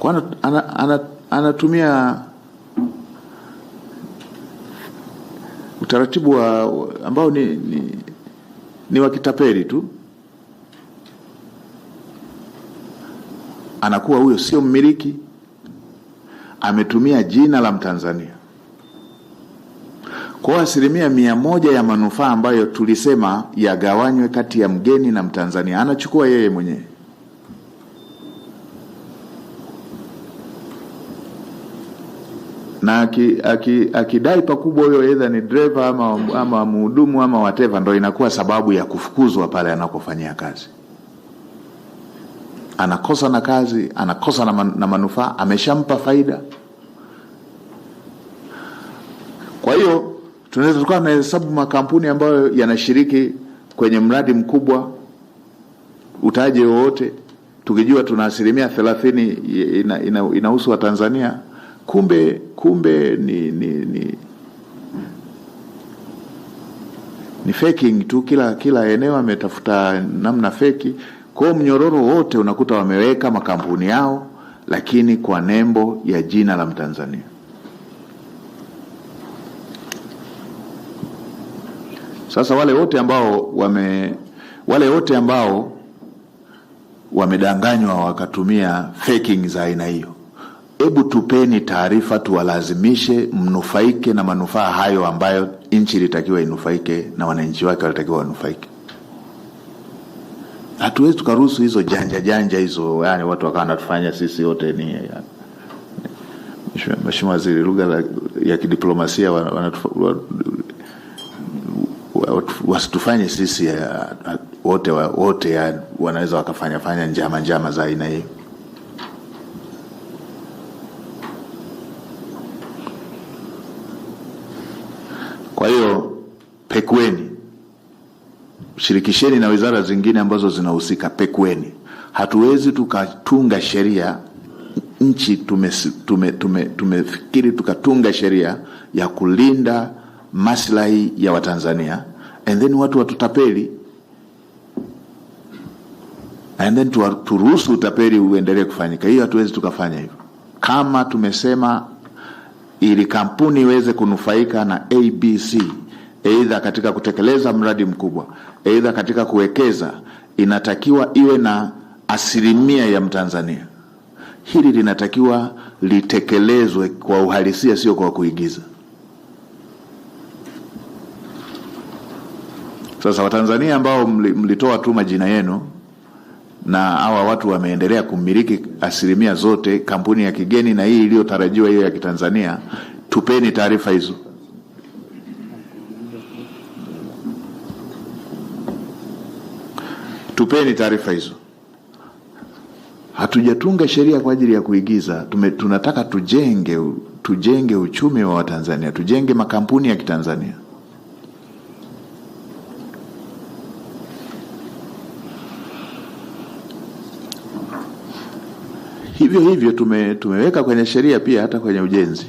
kwa anatumia ana, ana utaratibu wa ambao ni, ni, ni wa kitapeli tu. Anakuwa huyo sio mmiliki, ametumia jina la Mtanzania. Kwa asilimia mia moja ya manufaa ambayo tulisema yagawanywe kati ya mgeni na Mtanzania anachukua yeye mwenyewe. na akidai aki, aki pakubwa huyo, edha ni dreva ama, mm-hmm. ama mhudumu ama wateva, ndo inakuwa sababu ya kufukuzwa pale anakofanyia kazi. Anakosa na kazi, anakosa na, man, na manufaa, ameshampa faida. Kwa hiyo tunaweza tukawa hesabu makampuni ambayo yanashiriki kwenye mradi mkubwa utaje wowote, tukijua tuna asilimia thelathini inahusu ina, ina Watanzania kumbe kumbe ni, ni, ni ni faking tu, kila kila eneo ametafuta namna feki. Kwa hiyo mnyororo wote unakuta wameweka makampuni yao, lakini kwa nembo ya jina la Mtanzania. Sasa wale wote ambao wame wale wote ambao wamedanganywa wakatumia faking za aina hiyo Hebu tupeni taarifa, tuwalazimishe mnufaike na manufaa hayo ambayo nchi ilitakiwa inufaike na wananchi wake walitakiwa wanufaike. Hatuwezi tukaruhusu hizo janja janja hizo, yani watu wakawa natufanya sisi wote ni yani. Mheshimiwa Waziri, lugha ya kidiplomasia wasitufanye sisi wote wote, wanaweza wakafanyafanya njama njama za aina hii. pekweni, shirikisheni na wizara zingine ambazo zinahusika, pekweni Hatuwezi tukatunga sheria nchi tumefikiri tume, tume, tume tukatunga sheria ya kulinda maslahi ya Watanzania and then watu watutapeli and then turuhusu utapeli uendelee kufanyika. Hiyo hatuwezi tukafanya hivyo. Kama tumesema ili kampuni iweze kunufaika na ABC aidha katika kutekeleza mradi mkubwa, aidha katika kuwekeza, inatakiwa iwe na asilimia ya Mtanzania. Hili linatakiwa litekelezwe kwa uhalisia, sio kwa kuigiza. Sasa Watanzania ambao mlitoa tu majina yenu na hawa watu wameendelea kumiliki asilimia zote, kampuni ya kigeni na hii iliyotarajiwa hiyo ya Kitanzania, tupeni taarifa hizo. tupeni taarifa hizo. Hatujatunga sheria kwa ajili ya kuigiza. Tume, tunataka tujenge, tujenge uchumi wa Watanzania, tujenge makampuni ya Kitanzania. Hivyo hivyo tume, tumeweka kwenye sheria pia hata kwenye ujenzi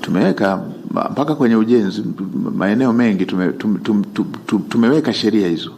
tumeweka mpaka kwenye ujenzi maeneo mengi tume, tume, tume, tume, tumeweka sheria hizo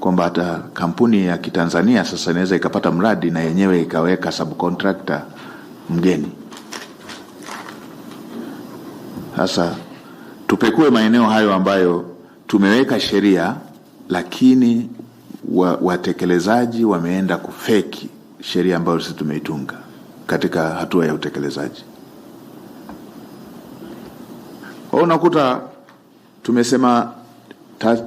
kwamba hata kampuni ya Kitanzania sasa inaweza ikapata mradi na yenyewe ikaweka subcontractor mgeni. Sasa tupekue maeneo hayo ambayo tumeweka sheria lakini watekelezaji wa wameenda kufeki sheria ambayo sisi tumeitunga katika hatua ya utekelezaji. Kwa hiyo unakuta tumesema ta,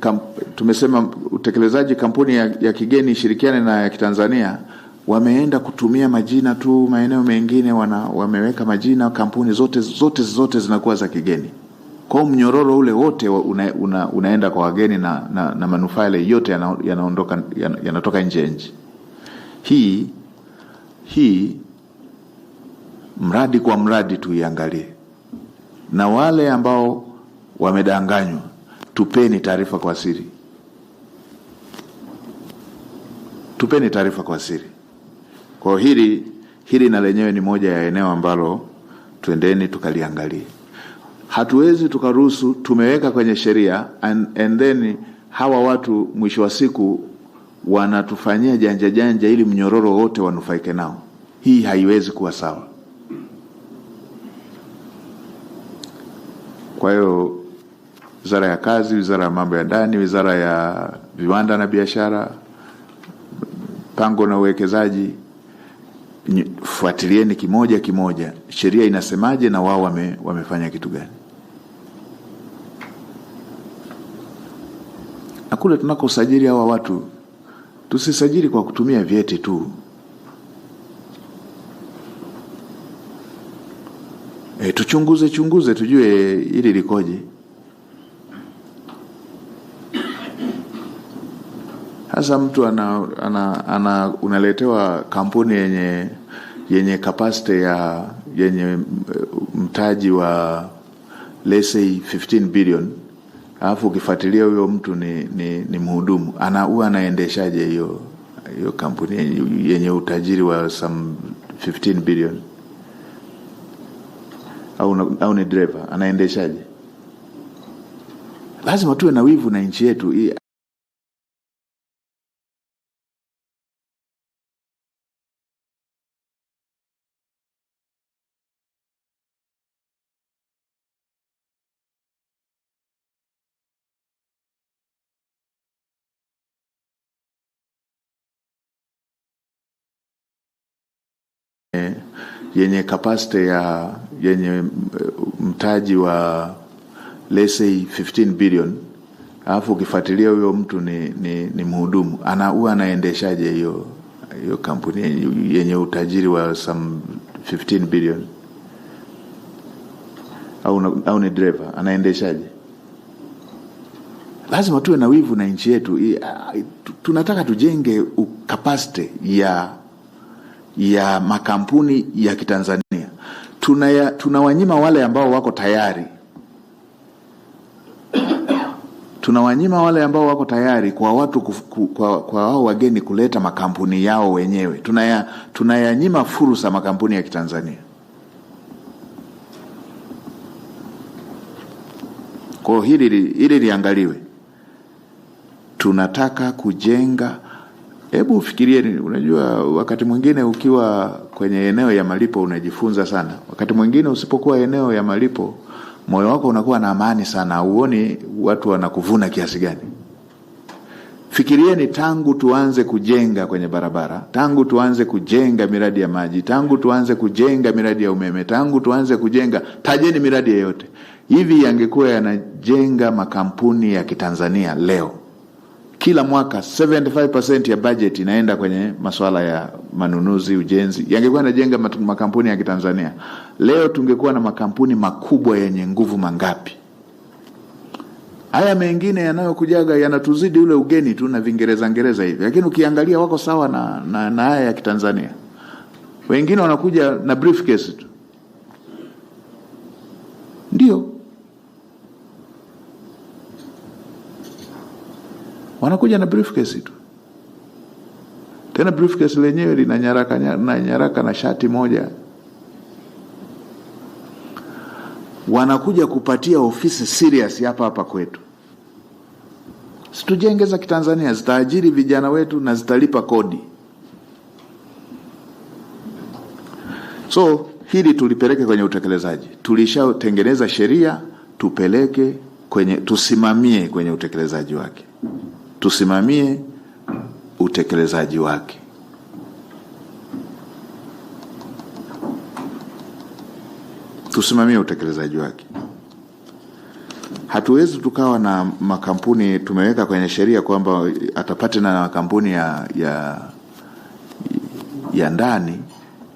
kam, tumesema utekelezaji, kampuni ya, ya kigeni ishirikiane na ya Kitanzania wameenda kutumia majina tu, maeneo mengine wana, wameweka majina kampuni zote zote zote zinakuwa za kigeni. Kwa hiyo mnyororo ule wote una, una, unaenda kwa wageni na, na, na manufaa yale yote yanaondoka yana yanatoka nje ya nchi hii hii, mradi kwa mradi tuiangalie na wale ambao wamedanganywa, tupeni taarifa kwa siri, tupeni taarifa kwa siri. Kwa hili hili na lenyewe ni moja ya eneo ambalo twendeni tukaliangalie. Hatuwezi tukaruhusu, tumeweka kwenye sheria and, and then hawa watu mwisho wa siku wanatufanyia janja janja ili mnyororo wote wanufaike nao. Hii haiwezi kuwa sawa. Kwa hiyo wizara ya kazi, wizara ya mambo ya ndani, wizara ya viwanda na biashara, pango na uwekezaji, fuatilieni kimoja kimoja, sheria inasemaje na wao wame, wamefanya kitu gani. Na kule tunakosajili hawa watu tusisajili kwa kutumia vyeti tu. e, tuchunguze chunguze tujue ili likoje. Hasa mtu ana, ana, ana unaletewa kampuni yenye yenye capacity ya yenye eh, mtaji wa let's say 15 billion, alafu ukifuatilia huyo mtu ni, ni, ni mhudumu ana huwa anaendeshaje hiyo hiyo kampuni yenye utajiri wa some 15 billion au, au ni dereva anaendeshaje? Lazima tuwe na wivu na nchi yetu. Eh, yenye kapasiti ya yenye eh, mtaji wa let's say 15 billion alafu ukifuatilia huyo mtu ni, ni, ni mhudumu ana huwa anaendeshaje hiyo hiyo kampuni yenye utajiri wa some 15 billion au, au ni driver anaendeshaje lazima tuwe na wivu na nchi yetu tunataka tujenge kapasiti ya ya makampuni ya kitanzania tunaya, tunawanyima wale ambao wako tayari tunawanyima wale ambao wako tayari kwa watu kufu, kwa, kwa wao wageni kuleta makampuni yao wenyewe. Tunaya, tunayanyima fursa makampuni ya Kitanzania. Kwa hili hili liangaliwe, tunataka kujenga. Hebu fikirie, unajua wakati mwingine ukiwa kwenye eneo ya malipo unajifunza sana. Wakati mwingine usipokuwa eneo ya malipo, moyo wako unakuwa na amani sana, uoni watu wanakuvuna kiasi gani. Fikirieni, tangu tuanze kujenga kwenye barabara, tangu tuanze kujenga miradi ya maji, tangu tuanze kujenga miradi ya umeme, tangu tuanze kujenga, tajeni miradi yeyote hivi, yangekuwa yanajenga makampuni ya Kitanzania leo, kila mwaka 75% ya bajeti inaenda kwenye masuala ya manunuzi, ujenzi, yangekuwa yanajenga makampuni ya Kitanzania leo tungekuwa na makampuni makubwa yenye nguvu mangapi? Haya mengine yanayokujaga yanatuzidi ule ugeni tu na vingereza ngereza hivi, lakini ukiangalia wako sawa na, na, na haya ya Kitanzania. Wengine wanakuja na briefcase tu, ndio wanakuja na briefcase tu tena briefcase lenyewe lina nyaraka na nyaraka na shati moja wanakuja kupatia ofisi serious hapa hapa kwetu situjenge za kitanzania zitaajiri vijana wetu na zitalipa kodi so hili tulipeleke kwenye utekelezaji tulishatengeneza sheria tupeleke kwenye tusimamie kwenye utekelezaji wake tusimamie utekelezaji wake. Tusimamie utekelezaji wake. Hatuwezi tukawa na makampuni tumeweka kwenye sheria kwamba atapate na makampuni ya, ya, ya ndani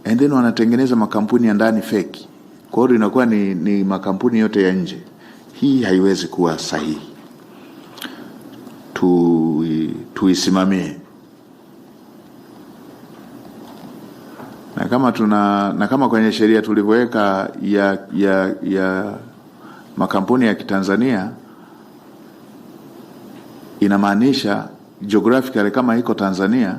and then wanatengeneza makampuni ya ndani feki, kwa hiyo inakuwa ni, ni makampuni yote ya nje. Hii haiwezi kuwa sahihi. Tu, tuisimamie na kama tuna na kama kwenye sheria tulivyoweka ya, ya, ya makampuni ya Kitanzania inamaanisha geographically kama iko Tanzania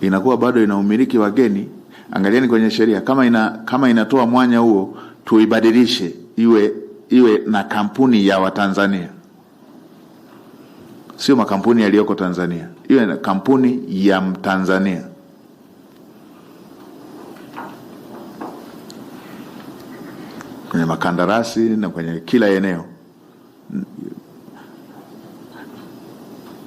inakuwa bado ina umiliki wageni. Angalieni kwenye sheria kama ina, kama inatoa mwanya huo tuibadilishe iwe iwe na kampuni ya Watanzania, sio makampuni yaliyoko Tanzania, iwe na kampuni ya Mtanzania. kwenye makandarasi na kwenye kila eneo.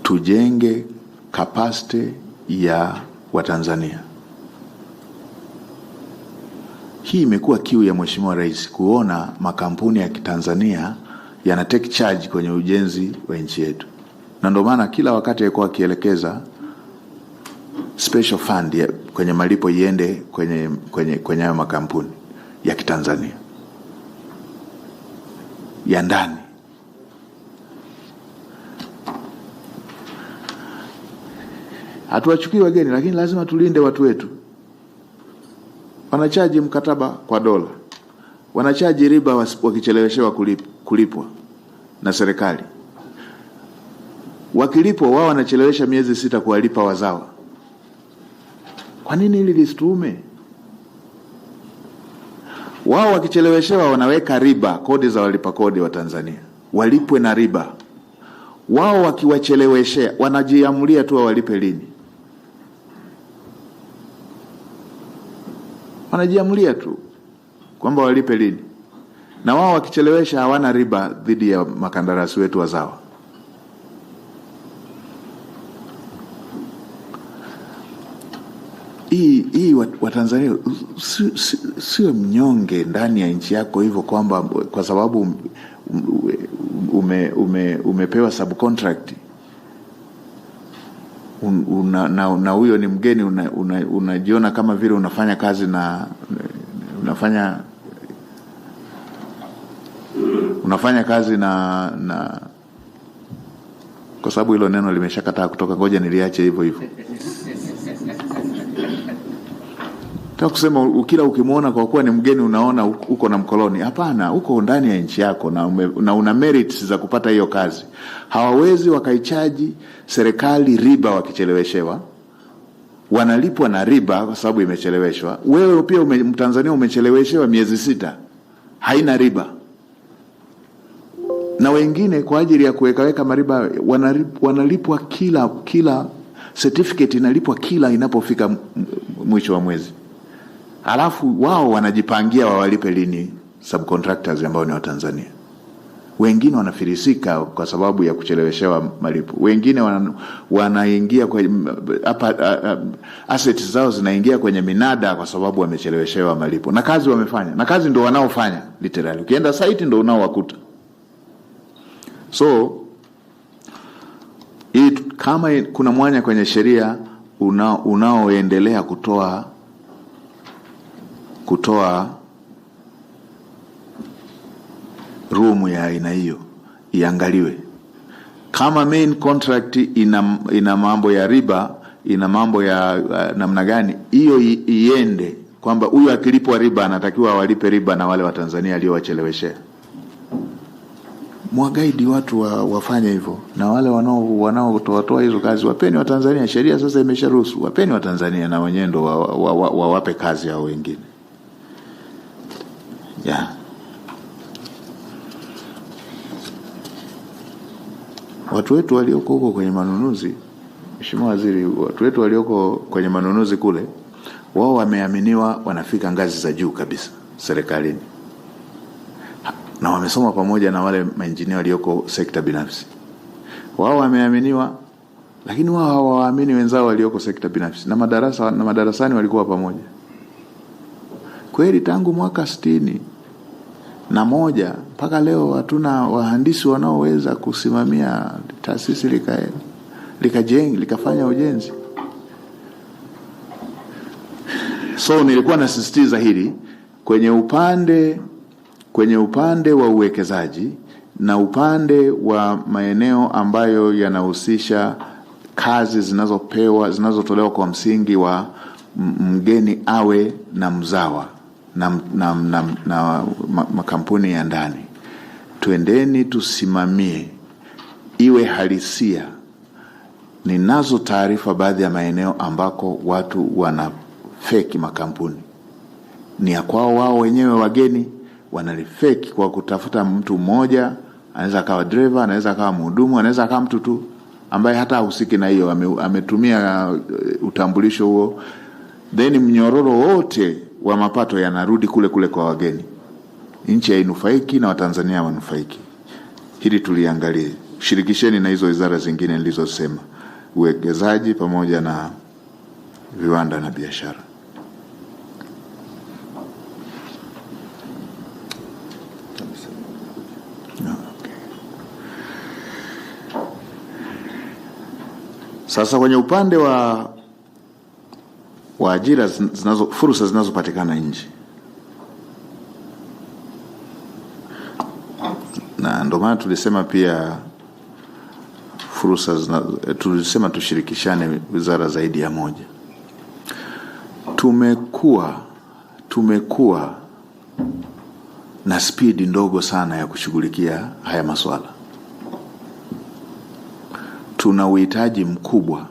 Tujenge kapasiti ya Watanzania. Hii imekuwa kiu ya Mheshimiwa Rais kuona makampuni ya Kitanzania yana take charge kwenye ujenzi wa nchi yetu, na ndio maana kila wakati alikuwa akielekeza special fund kwenye malipo iende kwenye hayo kwenye, kwenye makampuni ya Kitanzania ya ndani. Hatuwachukii wageni, lakini lazima tulinde watu wetu. Wanachaji mkataba kwa dola, wanachaji riba wakicheleweshewa kulipwa na serikali. Wakilipwa wao wanachelewesha miezi sita kuwalipa wazawa. Kwa nini hili lisitume wao wakicheleweshewa wanaweka riba, kodi za walipa kodi wa Tanzania walipwe na riba. Wao wakiwacheleweshea wanajiamulia tu wawalipe lini, wanajiamulia tu kwamba walipe lini, na wao wakichelewesha hawana riba dhidi ya makandarasi wetu wazawa. hii hii Watanzania wa siwe si, si mnyonge ndani ya nchi yako hivyo kwamba kwa sababu ume, ume, umepewa subcontract un, na, na huyo ni mgeni unajiona una, una kama vile unafanya kazi na unafanya unafanya kazi na na kwa sababu hilo neno limeshakataa kutoka, ngoja niliache hivyo hivyo. na kusema kila ukimwona kwa kuwa ni mgeni unaona uko na mkoloni. Hapana, uko ndani ya nchi yako na, ume, na una merits za kupata hiyo kazi. Hawawezi wakaichaji serikali riba wakicheleweshewa, wanalipwa na riba kwa sababu imecheleweshwa. Wewe pia ume, Mtanzania umecheleweshewa miezi sita, haina riba na wengine kwa ajili ya kuwekaweka mariba wanalipwa kila kila certificate inalipwa kila inapofika mwisho wa mwezi halafu wao wanajipangia wawalipe lini subcontractors ambao ni Watanzania. Wengine wanafilisika kwa sababu ya kucheleweshewa malipo, wengine wana, wanaingia hapa assets zao zinaingia kwenye minada kwa sababu wamecheleweshewa malipo, na kazi wamefanya, na kazi ndo wanaofanya literally, ukienda site ndo unaowakuta. So it, kama kuna mwanya kwenye sheria unaoendelea kutoa kutoa rumu ya aina hiyo iangaliwe. Kama main contract ina, ina mambo ya riba ina mambo ya uh, namna gani hiyo iende kwamba huyu akilipwa riba anatakiwa awalipe riba na wale Watanzania aliowacheleweshea. Mwagaidi watu wa, wafanye hivyo na wale wanaotoatoa hizo kazi wapeni Watanzania. Sheria sasa imesharuhusu, wapeni Watanzania na wenyewe ndo wawape wa, wa, wa, wa kazi hao wengine yeah. Watu wetu walioko huko kwenye manunuzi, Mheshimiwa Waziri, watu wetu walioko kwenye manunuzi kule, wao wameaminiwa, wanafika ngazi za juu kabisa serikalini na wamesoma pamoja na wale mainjinia walioko sekta binafsi. Wao wameaminiwa, lakini wao hawawaamini wenzao walioko sekta binafsi, na madarasa na madarasani walikuwa pamoja kweli tangu mwaka sitini na moja mpaka leo hatuna wahandisi wanaoweza kusimamia taasisi likajenga lika likafanya ujenzi. So nilikuwa nasisitiza hili kwenye upande kwenye upande wa uwekezaji na upande wa maeneo ambayo yanahusisha kazi zinazopewa zinazotolewa kwa msingi wa mgeni awe na mzawa na, na, na, na makampuni ya ndani. Twendeni tusimamie iwe halisia. Ninazo taarifa baadhi ya maeneo ambako watu wana feki makampuni ni ya kwao wao wenyewe, wageni wanalifeki kwa kutafuta mtu mmoja. Anaweza akawa dereva, anaweza akawa mhudumu, anaweza akawa mtu tu ambaye hata ahusiki na hiyo, ametumia eh, utambulisho huo, then mnyororo wote wa mapato yanarudi kule kule kwa wageni. Nchi hainufaiki na Watanzania wanufaiki Hili tuliangalie, shirikisheni na hizo wizara zingine nilizosema, uwekezaji pamoja na viwanda na biashara. Sasa kwenye upande wa wa ajira zinazo, fursa zinazopatikana nje, na ndio maana tulisema pia fursa tulisema tushirikishane wizara zaidi ya moja. Tumekuwa tumekuwa na spidi ndogo sana ya kushughulikia haya masuala. Tuna uhitaji mkubwa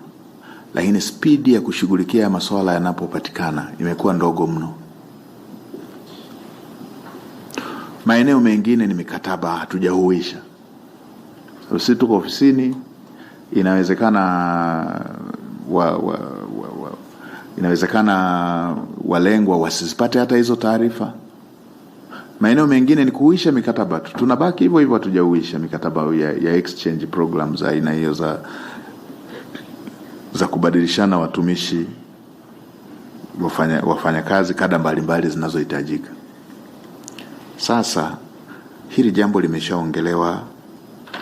lakini spidi ya kushughulikia masuala yanapopatikana imekuwa ndogo mno. Maeneo mengine ni mikataba hatujahuisha. Sisi tuko ofisini, inawezekana wa, wa, wa, wa, inawezekana walengwa wasizipate hata hizo taarifa. Maeneo mengine ni kuuisha mikataba tu, tunabaki hivyo hivyo, hatujahuisha mikataba ya, ya exchange programs aina hiyo za za kubadilishana watumishi wafanya, wafanyakazi kada mbalimbali zinazohitajika. Sasa hili jambo limeshaongelewa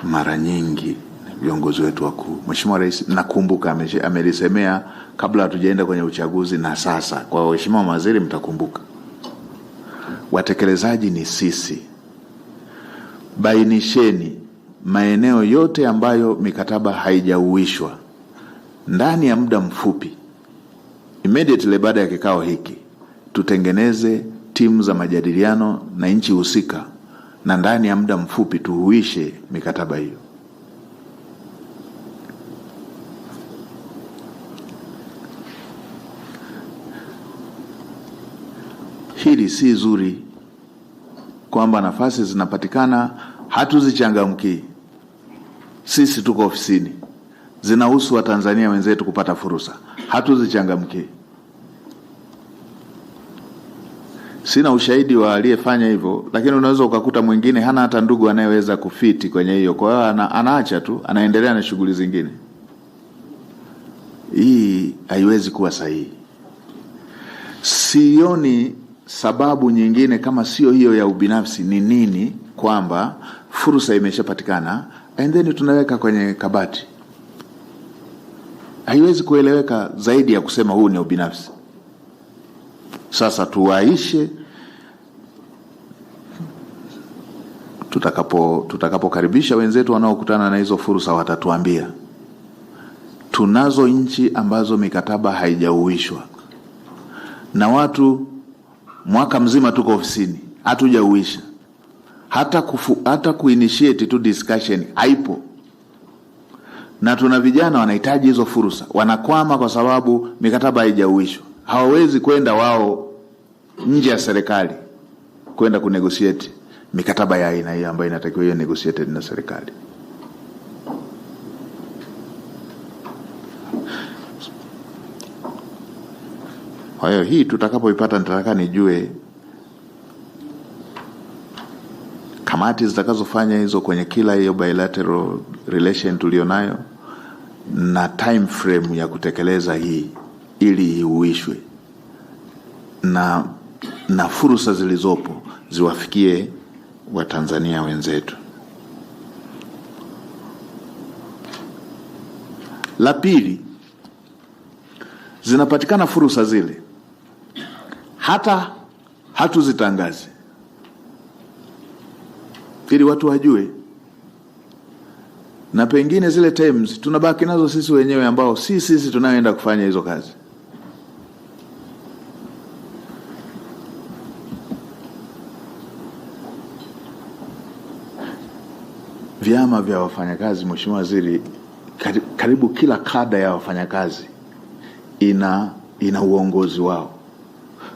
mara nyingi viongozi wetu wakuu. Mheshimiwa Rais nakumbuka amelisemea kabla hatujaenda kwenye uchaguzi na sasa. Kwa waheshimiwa mawaziri, mtakumbuka watekelezaji ni sisi. Bainisheni maeneo yote ambayo mikataba haijauishwa ndani ya muda mfupi, immediately baada ya kikao hiki, tutengeneze timu za majadiliano na nchi husika, na ndani ya muda mfupi tuhuishe mikataba hiyo. Hili si zuri kwamba nafasi zinapatikana hatuzichangamkii. Sisi tuko ofisini zinahusu Watanzania wenzetu kupata fursa, hatuzichangamkii. Sina ushahidi wa aliyefanya hivyo, lakini unaweza ukakuta mwingine hana hata ndugu anayeweza kufiti kwenye hiyo, kwa hiyo ana, anaacha tu, anaendelea na shughuli zingine. Hii haiwezi kuwa sahihi. Sioni sababu nyingine kama sio hiyo ya ubinafsi. Ni nini? Kwamba fursa imeshapatikana and then tunaweka kwenye kabati haiwezi kueleweka zaidi ya kusema huu ni ubinafsi. Sasa tuwaishe tutakapo tutakapokaribisha wenzetu wanaokutana na hizo fursa, watatuambia tunazo nchi ambazo mikataba haijauishwa na watu mwaka mzima tuko ofisini hatujauisha hata kufu, hata kuinitiate tu discussion haipo na tuna vijana wanahitaji hizo fursa, wanakwama kwa sababu mikataba haijauishwa. Hawawezi kwenda wao nje ya serikali kwenda kunegotiate mikataba ya aina hiyo ambayo inatakiwa hiyo negotiated na serikali. Kwa hiyo hii tutakapoipata, nitataka nijue kamati zitakazofanya hizo kwenye kila hiyo bilateral relation tulionayo na time frame ya kutekeleza hii ili iuishwe na, na fursa zilizopo ziwafikie Watanzania wenzetu. La pili, zinapatikana fursa zile hata hatuzitangazi ili watu wajue, na pengine zile terms tunabaki nazo sisi wenyewe ambao si sisi tunayoenda kufanya hizo kazi. Vyama vya wafanyakazi, Mheshimiwa Waziri, karibu kila kada ya wafanyakazi ina ina uongozi wao.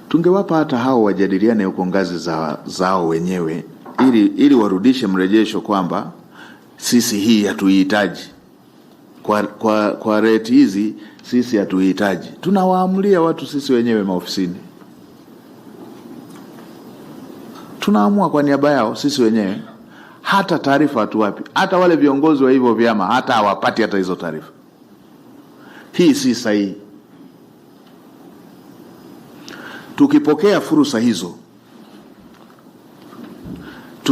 Tungewapa hata hao wajadiliane huko ngazi za, zao wenyewe ili, ili warudishe mrejesho kwamba sisi hii hatuihitaji kwa, kwa, kwa reti hizi sisi hatuihitaji. Tunawaamulia watu sisi wenyewe maofisini, tunaamua kwa niaba yao sisi wenyewe, hata taarifa hatuwapi. Hata wale viongozi wa hivyo vyama hata hawapati hata hizo taarifa. Hii si sahihi. Tukipokea fursa hizo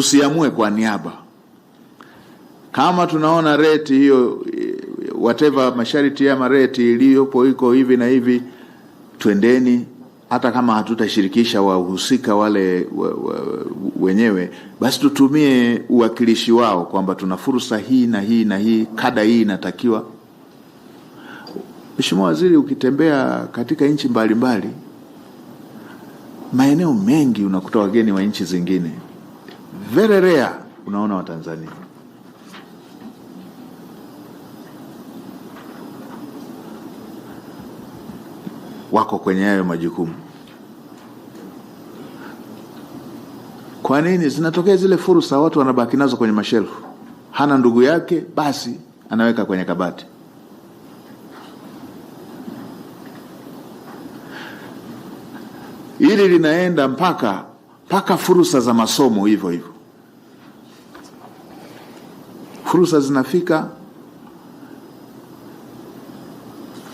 tusiamue kwa niaba. Kama tunaona reti hiyo whatever masharti ya mareti iliyopo iko hivi na hivi, twendeni hata kama hatutashirikisha wahusika wale wa, wa, wenyewe basi tutumie uwakilishi wao kwamba tuna fursa hii na hii na hii, kada hii inatakiwa. Mheshimiwa Waziri, ukitembea katika nchi mbalimbali, maeneo mengi unakuta wageni wa nchi zingine very rare unaona Watanzania wako kwenye hayo majukumu. Kwa nini zinatokea zile fursa? Watu wanabaki nazo kwenye mashelfu. Hana ndugu yake, basi anaweka kwenye kabati. Hili linaenda mpaka mpaka fursa za masomo hivyo hivyo fursa zinafika,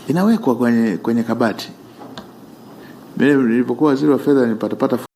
inawekwa kwenye, kwenye kabati. Mimi nilipokuwa waziri wa fedha nilipatapata